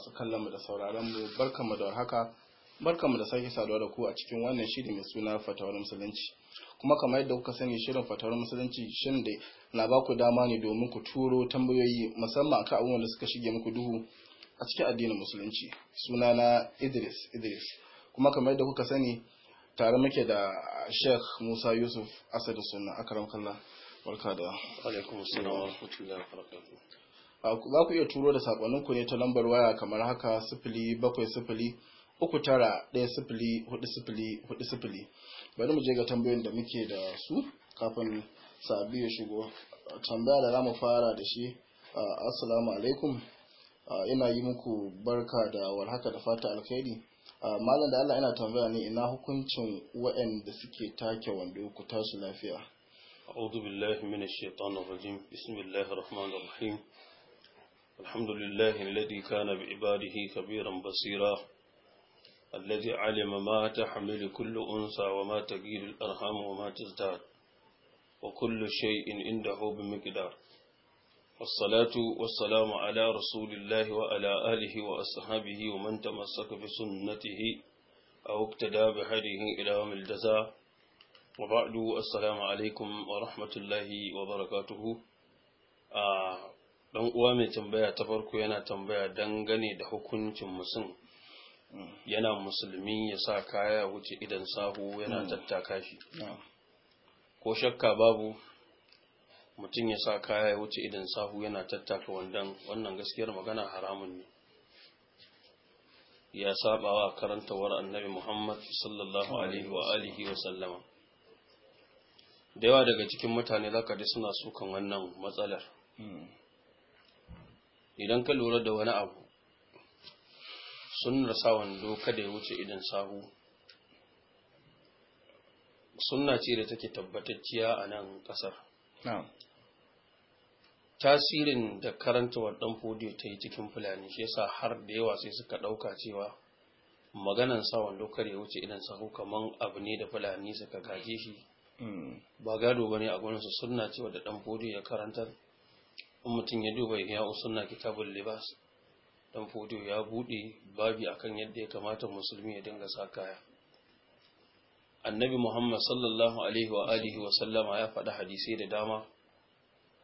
masu kallon mu da sauraron mu barkamu da warhaka barkamu da sake saduwa da ku a cikin wannan shiri mai suna fatawar musulunci kuma kamar yadda kuka sani shirin fatawar musulunci shin da na ba ku dama ne domin ku turo tambayoyi musamman akan abubuwan da suka shige muku duhu a cikin addinin musulunci suna na Idris Idris kuma kamar yadda kuka sani tare muke da Sheikh Musa Yusuf Asadu Sunna akram kallah barka da alaikum assalam wa rahmatullahi wa barakatuh za ku iya turo da ku ne ta lambar waya kamar haka sifili bakwai sifili uku tara ɗaya sifili hudu sifili hudu sifili bari mu je ga tambayoyin da muke da su kafin sabi ya shigo tambaya da za mu fara da shi assalamu alaikum ina yi muku barka da warhaka da fata alkhairi malam da allah ina tambaya ne ina hukuncin waɗanda suke take wando ku tashi lafiya أعوذ بالله من الشيطان الرجيم بسم الله الرحمن الرحيم الحمد لله الذي كان بعباده خبيرا بصيرا الذي علم ما تحمل كل أنثى وما تجيل الأرحام وما تزداد وكل شيء عنده بمقدار والصلاة والسلام على رسول الله وعلى آله وأصحابه ومن تمسك بسنته أو اقتدى بهديه إلى يوم الجزاء وبعد السلام عليكم ورحمة الله وبركاته آه dan uwa mai tambaya ta farko yana tambaya gane da hukuncin musun yana musulmi ya sa kaya wuce idan sahu yana hmm. tattaka shi hmm. ko shakka babu mutum ya sa kaya ya wuce idan sahu yana tattaka wandan wannan gaskiyar magana haramun ne ya wa karantawar annabi Muhammad sallallahu alaihi wa alihi wa sallama da yawa daga cikin mutane zaka da suna sukan wannan matsalar hmm. idan ka lura da wani abu sun sa wando kada ya wuce idan sahu sunna ce da take tabbatacciya a nan ƙasar tasirin da karanta waɗan fodiyo ta yi cikin fulani shi yasa har da yawa sai suka ɗauka cewa maganan sa wando kar ya wuce idan sahu kaman abu ne da fulani suka gaje shi hmm. ba gado bane a su sunna ce wadda ɗan fodiyo ya karantar in mutum ya duba ya usunna kitabul libas dan fodiyo ya buɗe babi akan yadda ya kamata musulmi ya dinga sa kaya annabi muhammad sallallahu alaihi wa alihi wa sallama ya faɗi hadisai da dama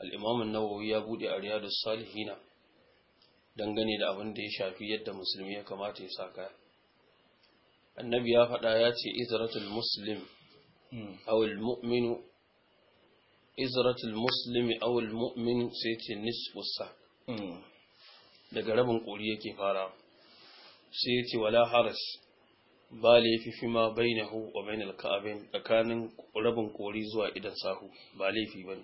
al-imam nawawi ya buɗe a riyadus salihina dangane da abin da ya shafi yadda musulmi ya kamata ya sa kaya annabi ya faɗa ya ce izratul muslim hmm. aw muminu izratul muslimi al mu'min sai ce nisfusa daga rabin ƙuri yake fara sai ya wala haras ba laifi fi ma bai wa bain al tsakanin rabin kori zuwa idan sahu ba laifi ba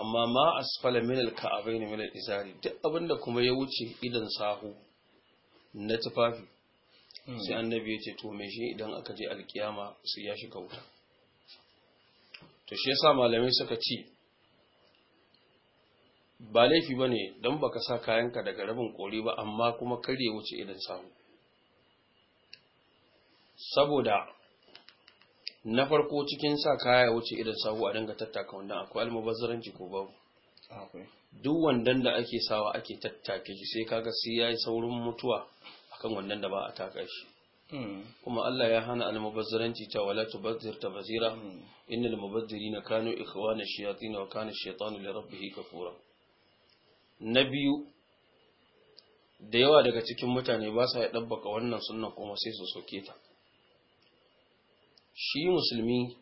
amma ma asfala min alka'abin min izari duk abinda kuma ya wuce idan sahu na tufafi sai annabi ya ce to me shi idan aka je alkiyama sai ya shiga wuta to shi yasa malamai suka ce ba laifi bane ne don baka sa kayanka daga rabin kori ba amma kuma karye wuce idan samu saboda na farko cikin sa kaya wuce idan sahu a dinga tattaka wanda akwai almubazzaranci ko babu duk wandan da ake sawa ake tattake shi sai kaga sai yayi saurin mutuwa akan wandan da ba a taka shi kuma Allah ya hana almubazzaranci ta wala tubazzir tabazira hmm. innal mubazzirina kanu ikhwana shayatin wa kana ash-shaytanu li rabbih kafura na biyu da yawa daga cikin mutane ba sa ya dabbaka wannan sunnan kuma sai su soke ta shi musulmi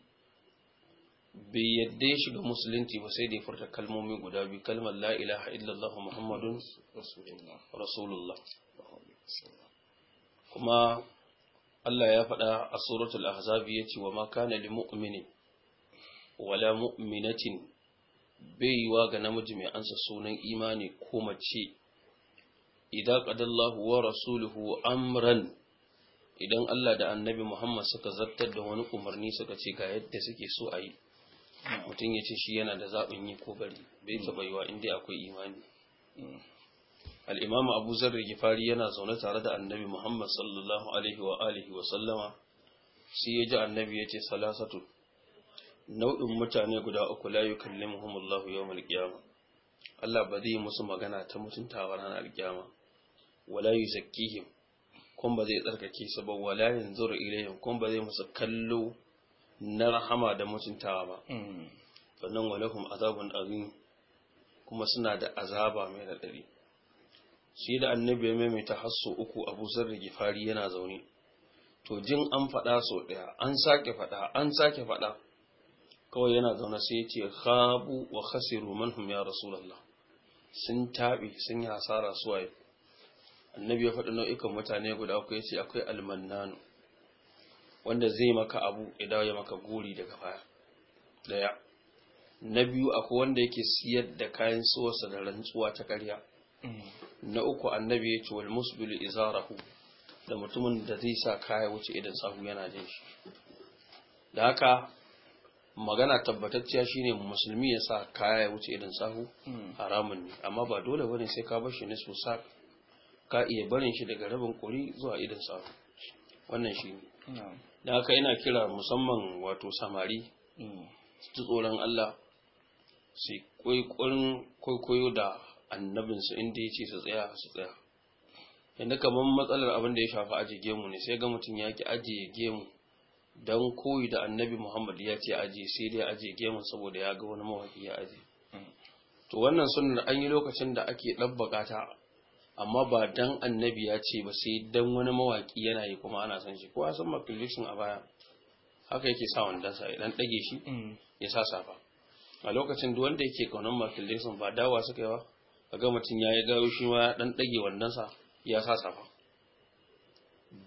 bai yadda ya shiga musulunci ba sai da ya furta kalmomi guda biyu kalmar la ilaha illallah muhammadun rasulullah kuma Allah ya faɗa a suratul ahzab yace wa ma kana lil mu'minin wala mu'minatin wa ga namiji mai ansa sunan imani ko mace idza qadallahu wa rasuluhu amran idan Allah da annabi Muhammad suka zartar da wani umarni suka ce ga yadda suke so a yi mutum ya ce shi yana da zaɓin yi ko bari bai taɓa yiwa inda akwai imani mm. al'imamu abu zarri gifari yana zaune tare da annabi muhammad sallallahu alaihi wa alihi wa sallama sai ya ji annabi ya ce salasatu nau'in mutane guda uku la yukallimuhum Allah yawmal qiyamah Allah ba zai musu magana ta mutuntawa ranar alkiyama. wala yuzakkihim kun ba zai tsarkake su ba wala yanzuru ilayhim kun ba zai musu kallo na rahama da mutuntawa ba sannan mm. walahum azabun azim kuma suna da azaba mai radadi sai da annabi ya maimaita hasso uku abu zarra gifari yana zaune to jin an faɗa sau ɗaya an sake faɗa an sake faɗa kawai yana zaune sai ya ce khabu wa khasiru manhum ya rasulullah sun tabi sun yi hasara suwaye annabi ya faɗi nau'ikan mutane guda uku ya ce akwai almannanu wanda zai maka abu dawo ya maka gori daga baya daya na biyu akwai wanda yake siyar da kayan suwarsa da rantsuwa ta ƙarya na uku annabi ya ce wal musbil izarahu da mutumin da zai sa kaya wuce idan sahu yana jin shi da haka magana tabbatacciya shine musulmi ya sa kaya ya wuce idan sahu haramun ne amma ba dole bane sai ka bar shi ne su sa ka iya barin shi daga rabin kuri zuwa idan sahu wannan shi ne da haka ina kira musamman wato samari su tsoron Allah su kwaikwayo da annabinsu inda ya ce su tsaya su tsaya yadda kamar matsalar abin da ya shafi aji gemu ne sai ga mutum ya ki ajiye gemu don koyi da annabi Muhammadu ya ce ajiye sai dai ajiye gemu saboda ya ga wani mawaƙi ya ajiye to wannan sunnar an yi lokacin da ake ɗabbaka ta amma ba dan annabi ya ce ba sai dan wani mawaki yana yi kuma ana san shi kowa san makillishin a baya haka yake sa wanda wandansa idan ɗage shi mm. ya sa safa a lokacin da wanda yake kaunan makillishin ba dawa suka yi ba kaga mutum ya yi gawo shi ma dan ɗage sa ya sa safa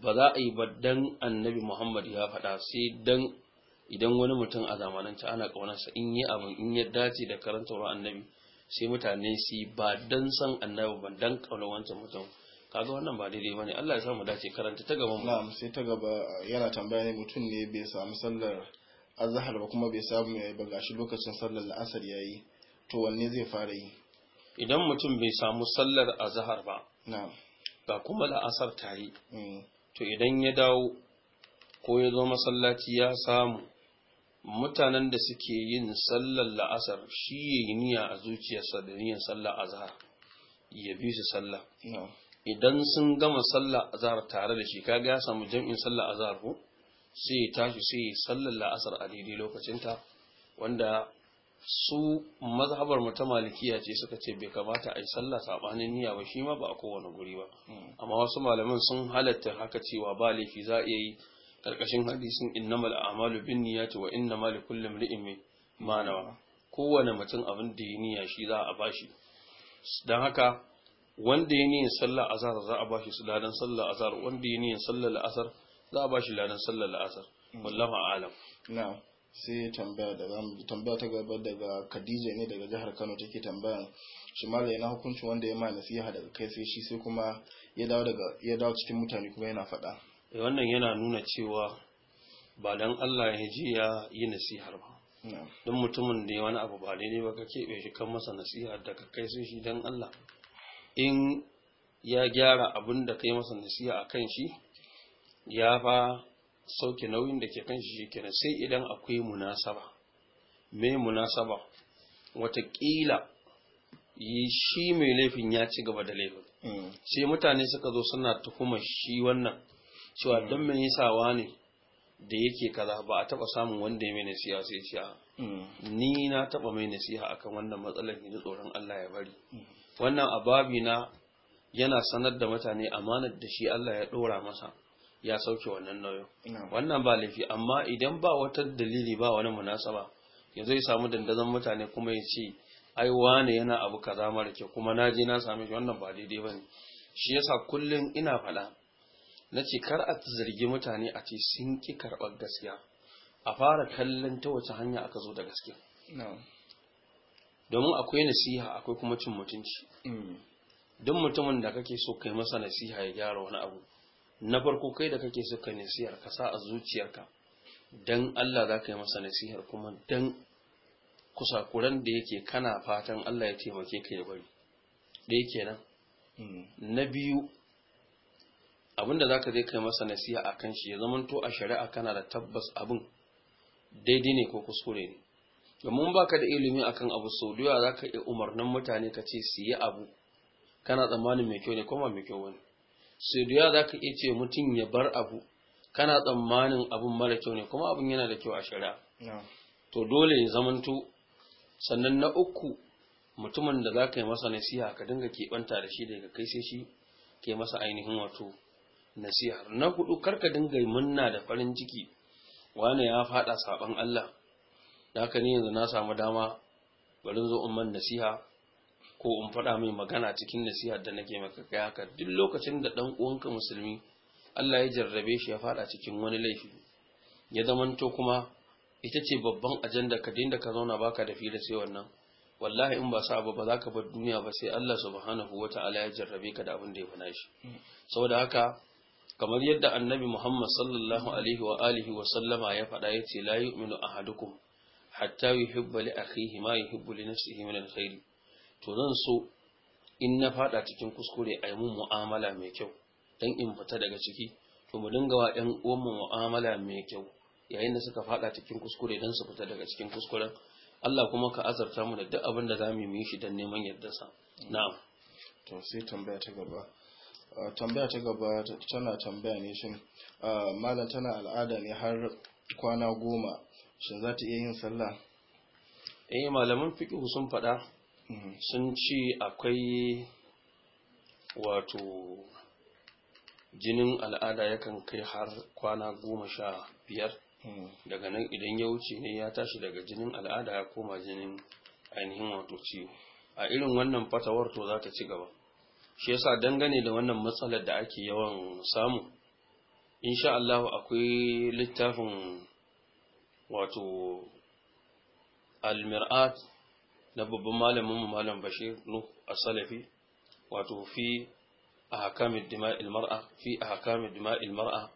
ba za a yi ba dan annabi muhammad ya faɗa sai dan idan wani mutum a zamanance ana ƙaunarsa in yi abin in ya dace da karanta karantarwa annabi sai mutane su ba dan san annabi ba dan ƙaunar wancan mutum kaga wannan ba daidai bane Allah ya samu dace karanta ta gaban na'am sai ta gaba yana tambaya ne mutum ne bai samu sallar azhar ba kuma bai samu yayi ba gashi lokacin sallar la'asar yayi to wanne zai fara yi idan mutum bai samu sallar azahar ba ga kuma la'asar ta yi mm. to idan ya dawo ko ya zo masallaci ya samu mutanen da suke yin sallar la'asar shi ya yi niyya a zuciyarsa da niyyar sallar azahar ya bi su sallar idan sun gama sallar azahar tare da shi kaga ya samu jam'in sallar azahar ku sai ya tashi sai ya sallar la'asar a daidai lokacinta wanda su mazhabar mu ta malikiya ce suka ce bai kamata a yi sallah sabanin niyya ba shi ma ba a kowane guri ba hmm. amma wasu malaman sun halatta haka cewa ba laifi za a yi karkashin hadisin innamal a'malu binniyati wa innamal likulli imrin ma nawa kowane mutum abin da ya niyya shi za a bashi dan haka wanda ya niyyar sallah azhar za a bashi su ladan sallah azhar wanda ya niyyar sallah al'asar za a bashi ladan sallah al'asar hmm. wallahu a'lam na'am sai tambaya da zamu ji tambaya ta gaba daga Khadija ne daga jihar Kano take tambayan shi malai na hukuncin wanda ya ma nasiha daga kai sai shi sai kuma ya dawo daga ya dawo cikin mutane kuma yana faɗa eh, wannan yana nuna cewa ba dan Allah ya ji ya yi nasihar ba don mutumin da ya wani abu ba daidai ba ka keɓe shi kan masa nasiha daga kai sai shi dan Allah in ya gyara abin da kai masa nasiha a kan shi ya fa sauke nauyin da ke kan shi kenan sai idan akwai munasaba me munasaba watakila yi shi mai laifin ya ci gaba da laifin mm. sai mutane suka zo suna tuhumar shi wannan cewa mm. don mai yasawa ne da yake kaza ba a taba samun wanda ya mai nasiha sai ce mm. ni na taba mai nasiha akan wannan matsalar ne tsoron Allah ya bari wannan ababi na yana sanar da mutane amanar da shi Allah ya dora masa ya sauke wannan nauyin wannan ba laifi amma idan ba wata dalili ba wani munasaba yanzu ya samu dandazon mutane kuma ya ce ai wane yana abu kaza mara kyau kuma na je na same shi wannan ba daidai ba ne. shi yasa kullum ina faɗa na ce kar a zargi mutane a ce sun ki karɓar gaskiya a fara kallon ta wace hanya aka zo da gaskiya domin akwai nasiha akwai kuma cin mutunci mm. don mutumin da kake so kai masa nasiha ya gyara wani abu na farko kai da kake suka nasihar ka sa a zuciyarka Don Allah za ka yi masa nasihar kuma don kusakuran da yake kana fatan Allah ya taimake ka ya bari ɗaya kenan mm. na biyu abinda za ka zai kai masa nasiha a kan shi ya to a shari'a kana da tabbas abin daidai ne ko kuskure ne domin ba ka da ilimi akan abu sau da yawa za ka iya umarnin mutane ka ce su yi abu kana tsammanin mai kyau ne kuma mai kyau wani sai da za ka iya ce mutum ya bar abu kana tsammanin abun mara kyau ne kuma abun yana da kyau a shari'a to dole ya zamanto sannan na uku mutumin da za ka yi masa nasiha ka dinga keɓanta da shi daga kai sai shi ke masa ainihin wato nasiha na hudu karka dinga munna da farin ciki wane ya faɗa saban Allah da ka ne yanzu na samu dama bari zo in man nasiha ko in faɗa mai magana cikin nasiha da nake maka kai haka duk lokacin da ɗan uwanka musulmi Allah ya jarrabe shi ya faɗa cikin wani laifi ya zamanto kuma ita ce babban ajanda ka dinda ka zauna baka da fira sai wannan wallahi in ba sa ba ba za ka bar duniya ba sai Allah subhanahu wata'ala ya jarrabe ka da abin da ya fana shi saboda haka kamar yadda annabi Muhammad sallallahu alaihi wa alihi wa sallama ya faɗa yace la yu'minu ahadukum hatta yuhibba li akhihi ma yuhibbu li nafsihi min alkhair to zan so in na fada cikin kuskure a yi mun mu'amala mai kyau don in fita daga ciki to mu dinga wa ɗan mu mu'amala mai kyau yayin da suka fada cikin kuskure don su fita daga cikin kuskuren Allah kuma ka azarta mu da duk abin da za mu yi shi don neman yadda sa na'am to sai tambaya ta gaba tambaya ta gaba tana tambaya ne shin malam tana al'ada ne har kwana goma shin za ta iya yin sallah eh malaman fiqh sun faɗa Mm-hmm. sun ce akwai wato jinin al'ada yakan kai har kwana goma sha biyar mm-hmm. daga nan idan ya wuce ne ya tashi daga jinin al'ada ya koma jinin ainihin wato ciwo a irin wannan fatawar to za ta ci gaba shi yasa dangane da wannan matsalar da ake yawan samu insha Allah akwai littafin wato al-mir'at na babban malamin malam bashir nuh as-salafi wato fi ahkamid dima'il mar'a fi ahkamid dima'il mar'a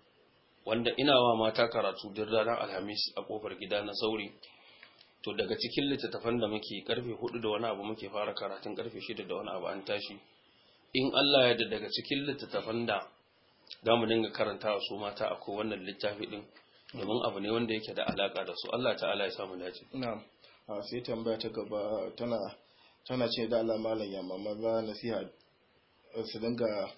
wanda ina wa mata karatu duk ranar alhamis a kofar gida na sauri to daga cikin littafan da muke karfe 4 da wani abu muke fara karatun karfe 6 da wani abu an tashi in Allah ya da daga cikin littafan da za mu dinga karantawa su mata akwai wannan littafi din domin abu ne wanda yake da alaka da su Allah ta'ala ya samu dace na'am a sai tambaya ta gaba tana tana ce da Allah malam ya mama ba nasiha su dinga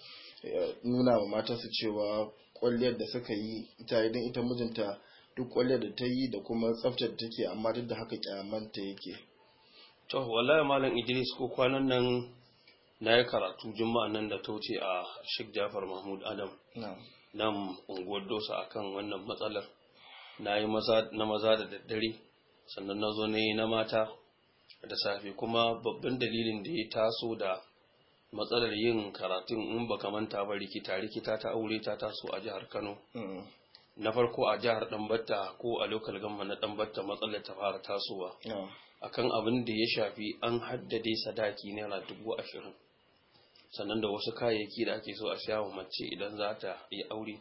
eh, nuna wa matansu cewa kwalliyar da suka yi ita idan ita mijinta duk kwalliyar da ta yi da kuma tsaftar da take amma duk da haka kyamanta yake to wallahi malam Idris ko kwanan nan na yi karatu juma'a nan da ta wuce a Sheikh Jafar Mahmud Adam nan unguwar dosa akan wannan matsalar na yi na maza da daddare sannan na zo na na mata da safe kuma babban dalilin da ya taso da matsalar yin karatun in ba manta ba rikita rikita ta aure ta taso a jihar kano mm. na farko a jihar ɗanbatta ko a lokal gamba na ɗanbatta matsalar ta fara tasowa akan abin da ya shafi an haddade sadaki naira dubu ashirin sannan da wasu kayayyaki da ake so a siya wa mace idan za ta yi aure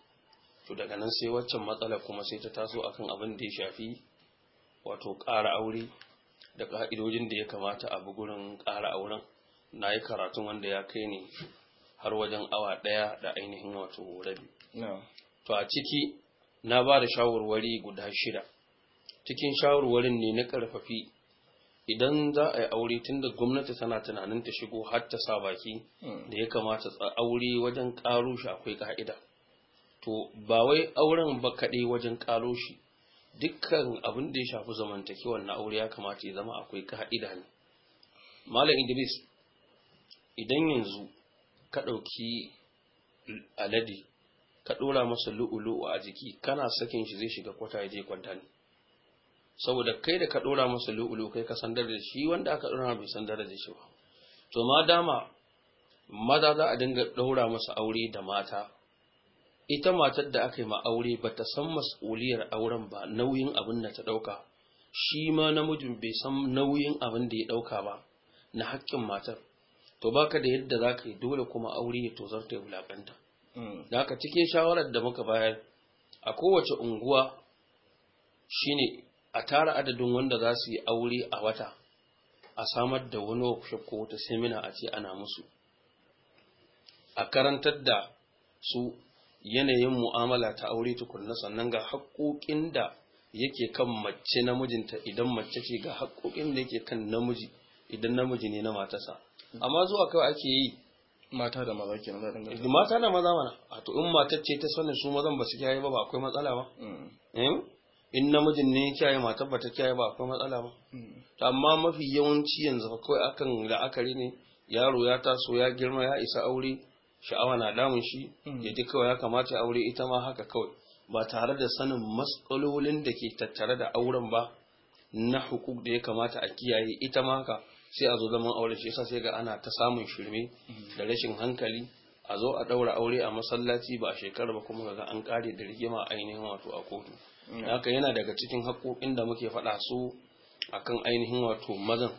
to daga nan sai waccan matsala kuma sai ta taso akan abin da ya shafi wato ƙara aure da ƙa'idojin da ya kamata a gurin ƙara auren na yi karatun wanda ya kai ne har wajen awa ɗaya da ainihin wato rabi. To a ciki na ba da shawarwari guda shida. Cikin shawarwarin ne na ƙarfafi idan za a yi aure tun da gwamnati tana tunanin ta shigo har ta sa baki hmm. da ya kamata aure wajen ƙaro shi akwai ƙa'ida. To ba wai auren ba kaɗai wajen ƙaro shi dukkan abin da ya shafi zamantakewar na aure ya kamata ya zama akwai ka'ida ne malam idris idan yanzu ka ɗauki alade ka ɗora masa lu'ulu a jiki kana sakin shi zai shiga kwata ya je kwanta ne saboda kai da ka ɗora masa lu'ulu kai ka san darajar shi wanda aka ɗora bai san darajar shi ba to ma dama maza za a dinga ɗaura masa aure da mata ita matar da aka yi ma aure ba ta san mas'uliyar auren ba nauyin abin da ta ɗauka shi ma namijin bai san nauyin abin da ya ɗauka ba na haƙƙin matar to baka da yadda za ka yi dole kuma aure ya tozar ta wulaƙanta hmm. da haka cikin shawarar da muka bayar a kowace unguwa shine a tara adadin wanda za su yi aure a wata a samar da wani workshop ko wata semina a ce ana musu a karantar da su yanayin mu'amala ta aure tukunna sannan ga haƙoƙin da yake kan mace namijinta idan mace ce ga haƙoƙin da yake kan namiji idan namiji ne na matasa amma zuwa kai ake yi mata da maza ke nan mata da maza mana a to in mata ce ta sanin su mazan ba su kiyaye ba ba akwai matsala ba mm. eh? in namijin ne ya kiyaye mata ba ta kiyaye ba akwai matsala ba mm. amma mafi yawanci yanzu akwai akan la'akari ne yaro ya taso ya girma ya isa aure sha'awa na damun shi hmm. ya ji kawai ya kamata ya aure ita ma haka kawai ba tare da sanin matsalolin da ke tattare da auren ba na hukuk da ya kamata a kiyaye ita ma haka sai a zo zaman aure shi yasa sai ga ana ta samun shirme hmm. da rashin hankali a zo a daura aure a masallaci ba a shekara ba kuma ga an kare da rigima ainihin wato a kotu hmm. haka yana daga cikin haƙoƙin da muke faɗa su akan ainihin wato mazan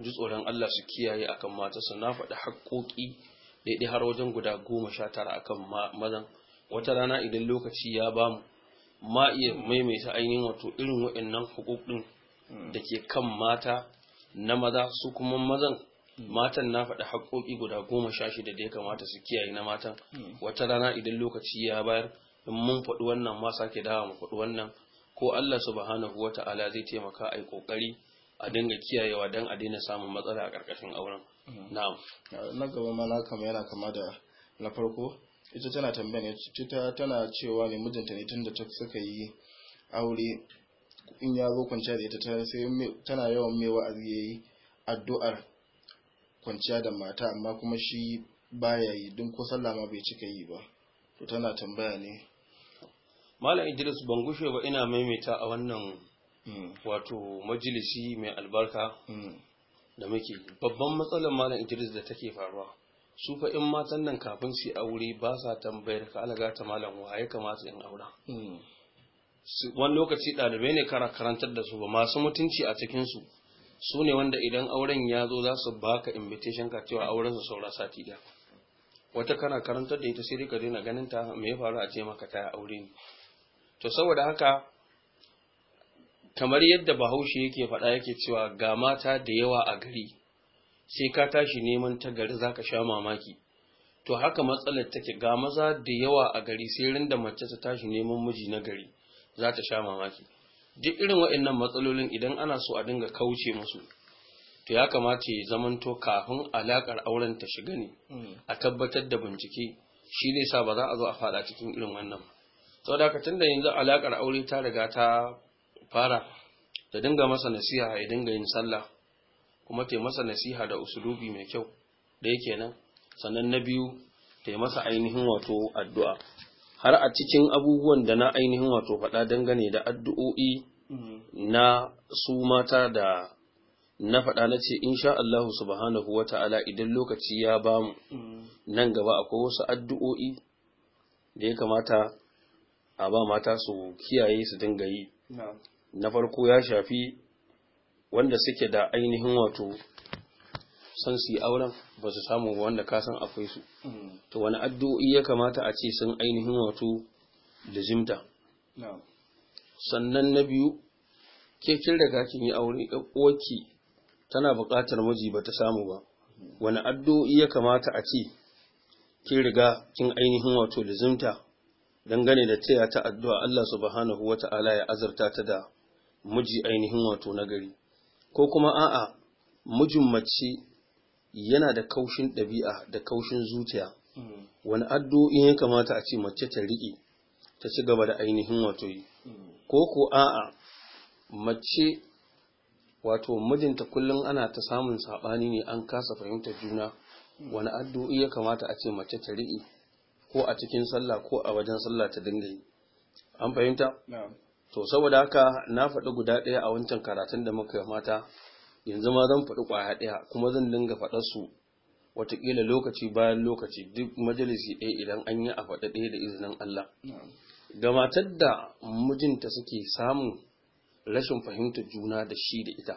ji tsoron Allah su kiyaye akan mata su na faɗi haƙoƙi daidai har wajen guda goma sha tara akan mazan wata rana idan lokaci ya bamu ma iya maimaita ainihin wato irin waɗannan hukukun hmm. da ke kan mata na maza su kuma mazan hmm. matan na faɗi haƙoƙi guda goma sha shida da ya kamata su kiyaye na matan hmm. wata rana idan lokaci ya bayar in mun faɗi wannan ma sake dawa mu faɗi wannan ko Allah subhanahu wa ta'ala zai taimaka a yi ƙoƙari a dinga kiyayewa don a daina samun matsala a ƙarƙashin auren. Mm-hmm. na gaba ma kama yana kama da na farko ita tana tambaya ne ita tana cewa ne mijinta ne tunda ta suka yi aure in ya zo kwanciya da ita sai tana yawan mai wa'azi yi addu'ar kwanciya da mata amma kuma shi baya yi don ko sallah bai cika yi ba to tana tambaya ne Malam Idris ban gushe ba ina maimaita a wannan mm. wato majalisi mai albarka mm. da muke babban matsalar malam Idris da take faruwa su fa in matan nan kafin su aure ba sa tambayar ka alaga ta malam wa ya kamata in aura hmm. wani lokaci ɗalibai ne kara karantar da su ba masu mutunci a cikin su su ne wanda idan auren ya zo za su baka invitation ka cewa auren su saura sati ɗaya wata kana karantar da ita sai dai ka daina ganin ta me ya faru a ce maka ta aure ne to saboda haka kamar yadda bahaushe yake faɗa yake cewa ga mata da yawa a gari sai ka tashi neman ta gari za ka sha mamaki to haka matsalar take ga maza da yawa a gari sai rinda mace ta tashi neman miji na gari za ta sha mamaki duk irin waɗannan matsalolin idan ana so a dinga kauce musu to ya kamata ya zamanto kafin alakar auren ta shiga ne hmm. a tabbatar da bincike shi ne sa ba za a zo a faɗa cikin irin wannan saboda da tunda yanzu alakar aure ta riga ta fara ta dinga masa nasiha ya dinga yin sallah kuma ta masa nasiha da usulubi mai kyau da yake nan sannan na biyu ta masa ainihin wato addu'a har a cikin abubuwan da na ainihin wato faɗa dangane da addu'o'i na su mata da na faɗa na ce insha Allahu subhanahu wa ta'ala idan lokaci ya ba mu nan gaba akwai wasu addu'o'i da ya kamata a ba mata su kiyaye su dinga yi na farko ya shafi wanda suke da ainihin wato san su yi auren ba su samu wanda ka san akwai su to wani addu'o'i ya kamata a ce sun ainihin wato da jimta sannan na biyu ke kin riga yi aure uwarki tana buƙatar miji ba ta samu ba wani addu'o'i ya kamata a ce kin riga kin ainihin wato da zimta dangane da taya ta addu'a Allah subhanahu wata'ala ya azurta ta da miji ainihin wato nagari ko kuma a'a mijin mace yana da kaushin ɗabi'a da kaushin zuciya hmm. wani in ya kamata a ce mace ta riƙe ta ci gaba da ainihin wato yi hmm. ko ko a'a mace wato mijinta kullum ana ta samun saɓani ne an kasa fahimtar juna hmm. wani addu'i ya kamata a ce mace ta riƙe ko a cikin sallah ko a wajen sallah ta dinga yi an fahimta to saboda haka na faɗi guda ɗaya a wancan karatun da muka mata yanzu ma zan faɗi ƙwaya ɗaya kuma zan dinga faɗar su watakila lokaci bayan lokaci duk majalisi ɗaya idan an yi a faɗi ɗaya da izinin Allah ga matar da mijinta suke samun rashin fahimtar juna da shi da ita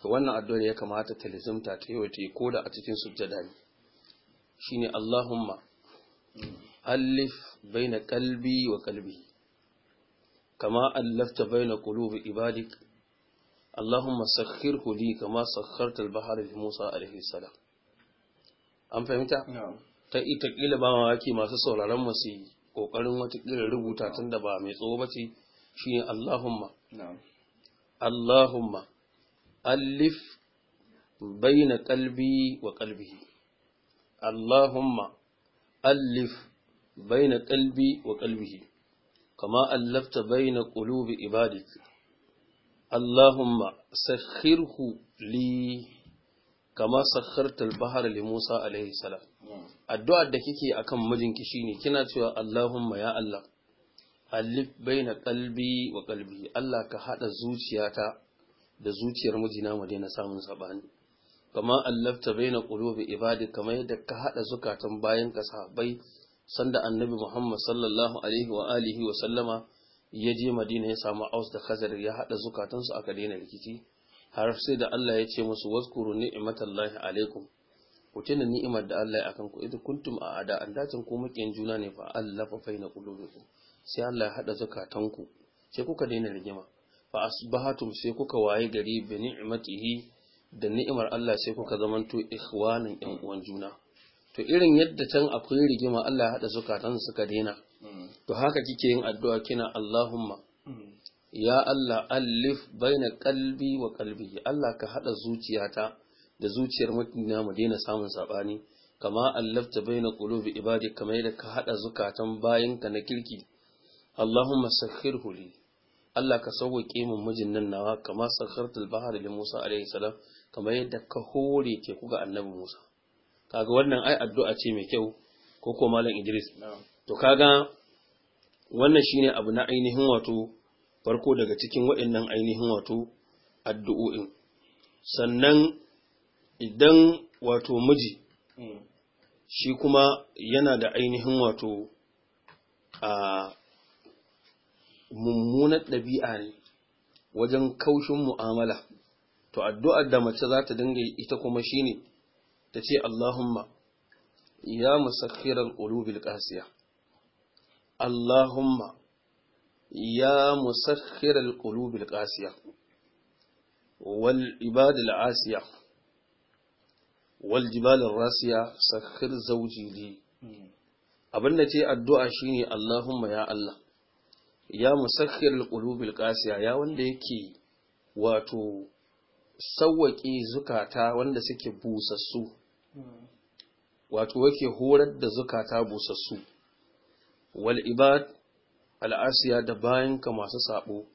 to wannan addu'ar ya kamata ta lizimta ta yi ta ko da a cikin sujjada ne shine Allahumma mm. alif na kalbi wa kalbi. kama allafta baina qulubi ibadik Allahumma sakhirhu li kama sakharta al-bahra li Musa alaihi salam an fahimta ta ita kila ba mawaki masu sauraron masu su kokarin wata kila rubuta tunda ba mai tsoho Shi shine Allahumma Allahumma allif baina ƙalbi wa qalbihi Allahumma allif baina ƙalbi wa qalbihi كما ألفت بين قلوب عبادك اللهم سخره لي kama sakhartul bahar Limusa Musa alaihi addu'ar da kike akan mijinki shine kina cewa Allahumma ya Allah alif baina qalbi wa qalbi Allah ka hada zuciyata da zuciyar mijina mu daina samun sabani kama allafta baina qulubi ibadi kama yadda ka hada zukatan bayan ka sabai sanda annabi Muhammad sallallahu alaihi wa alihi wa sallama ya je Madina ya samu Aus da Khazar ya hada zukatansu aka daina rikici har sai da Allah ya ce musu wazkuru ni'matallahi alaikum ku tuna ni'imar da Allah ya akan ku idan kuntum a ada an dacin ku juna ne fa Allah fa faina qulubikum sai Allah ya hada ku, sai kuka daina rigima fa asbahatum sai kuka waye gari bi ni'matihi da ni'imar Allah sai kuka zamanto ikhwanan yan uwan juna to irin yadda can akwai rigima Allah ya haɗa zukatan suka daina to haka kike yin addu'a kina Allahumma ya Allah alif baina qalbi wa qalbi Allah ka haɗa zuciyata da zuciyar mutumina mu daina samun sabani kama allafta baina qulubi ibadi kamar da ka haɗa zukatan bayinka na kirki Allahumma sakhirhu li Allah ka sauke min mijin nan nawa kama sakhartul bahar li Musa alayhi salam kamar yadda ka hore ke kuga annabi Musa kaga wannan ai addu'a ce mai kyau ko ko malam Idris to kaga wannan shine abu na ainihin wato farko daga cikin waɗannan ainihin wato addu'o'in sannan idan wato miji hmm. shi kuma yana da ainihin wato a mummunar ɗabi'a ne wajen kaushin mu'amala to addu'ar da mace za ta dinga ita kuma shine ta ce Allahumma ya musakkirar ƙulubil ƙasiya Allahumma ya musakkirar ƙulubil ƙasiya wal ibadil asiya wal jibalin rasiya sakhir zauji li abin da ce addu'a shine Allahumma ya Allah ya musakkirar ƙulubil ƙasiya ya wanda yake wato sawwaƙe zukata wanda suke busassu wato yake horar da zukata busassu wal ibad al'asiya da bayan ka masu sabo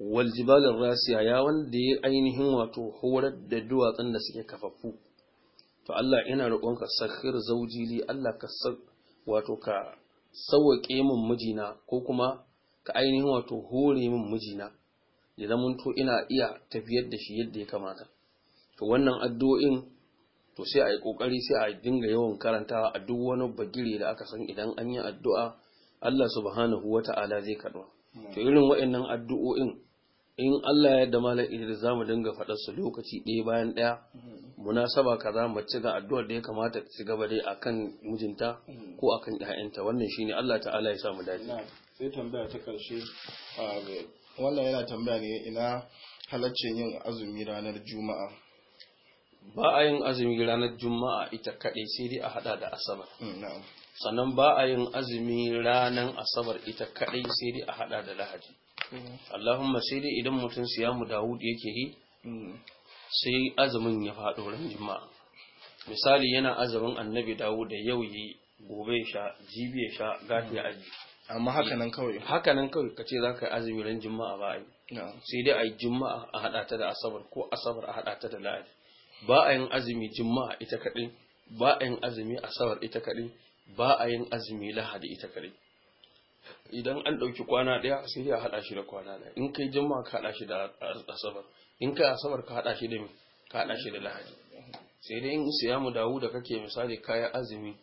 wal jibalin rasiya ya wanda ya ainihin wato horar da duwatsun da suke kafaffu to Allah ina roƙon ka sakhir zaujili Allah ka wato ka sawwake min mijina ko kuma ka ainihin wato hore min mijina ya to ina iya tafiyar da shi yadda ya kamata to wannan addu'o'in to sai a yi kokari sai a dinga yawan karantawa a duk wani bagire da aka san idan an yi addu'a Allah subhanahu ta'ala zai karba to irin waɗannan addu'o'in in Allah ya yarda malam Idris mu dinga faɗar su lokaci ɗaya bayan ɗaya munasaba kaza mu ci ga addu'ar da ya kamata ta ci gaba dai akan mijinta ko akan ƴaƴanta wannan shine Allah ta'ala ya sa mu dace sai tambaya ta karshe wannan yana tambaya ne ina halaccin yin azumi ranar juma'a ba a yin azumi ranar juma'a ita kaɗai sai dai a hada da asabar mm, sannan ba a yin azumi ranar asabar ita kaɗai sai dai a hada da lahadi mm. allahumma sai dai idan mutum siya dawo da yake yi mm. sai azumin ya faɗo ran juma'a misali yana azumin annabi dawud da yau yi gobe sha jibi ya sha gafi aji amma hakanan kawai hakanan kawai ka ce za ka yi azumi ran juma'a ba a yi sai dai a yi juma'a a haɗa ta da asabar ko asabar a haɗa ta da lahadi ba a yin azumi juma'a ita kaɗai ba a yin azumi asabar ita kaɗai ba a yin azumi lahadi ita kaɗai idan an ɗauki kwana ɗaya sai ya haɗa shi da kwana ɗaya in kai juma'a ka haɗa shi da asabar in kai asabar ka haɗa shi da ka haɗa shi da lahadi sai dai in siyamu dawo da kake misali kayan azumi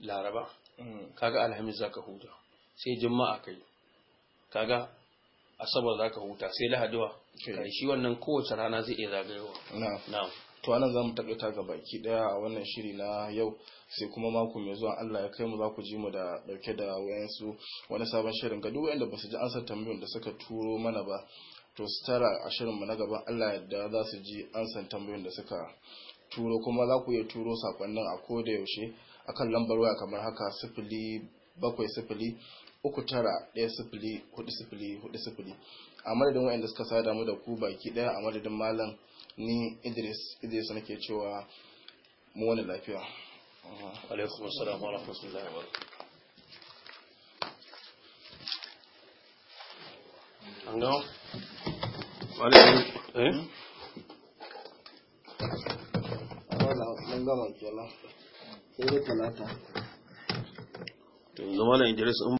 laraba mm. kaga alhamis zaka huta sai juma'a kai kaga asabar zaka huta sai lahadiwa shi wannan kowace rana zai iya zagayowa na to anan za mu takaita ga baki ɗaya a wannan shiri na yau sai kuma mako mai zuwa Allah ya kai mu za ku ji mu da ɗauke da wayansu wani sabon shirin ga duk wanda ba su ji an san tambayoyin da suka turo mana ba to su tara a shirin mu na gaban Allah yadda za su ji an san tambayoyin da suka turo kuma za ku iya turo sakonnin a koda yaushe akan lambar waya kamar haka sifili bakwai sifili uku tara ɗaya sifili a madadin wa'anda suka sada mu da ku baki ɗaya a madadin malam ni idris idris nake cewa mu wani lafiya alaikum assalamu wa rahmatullahi wa an gawa wale eh an gama sai talata to zama na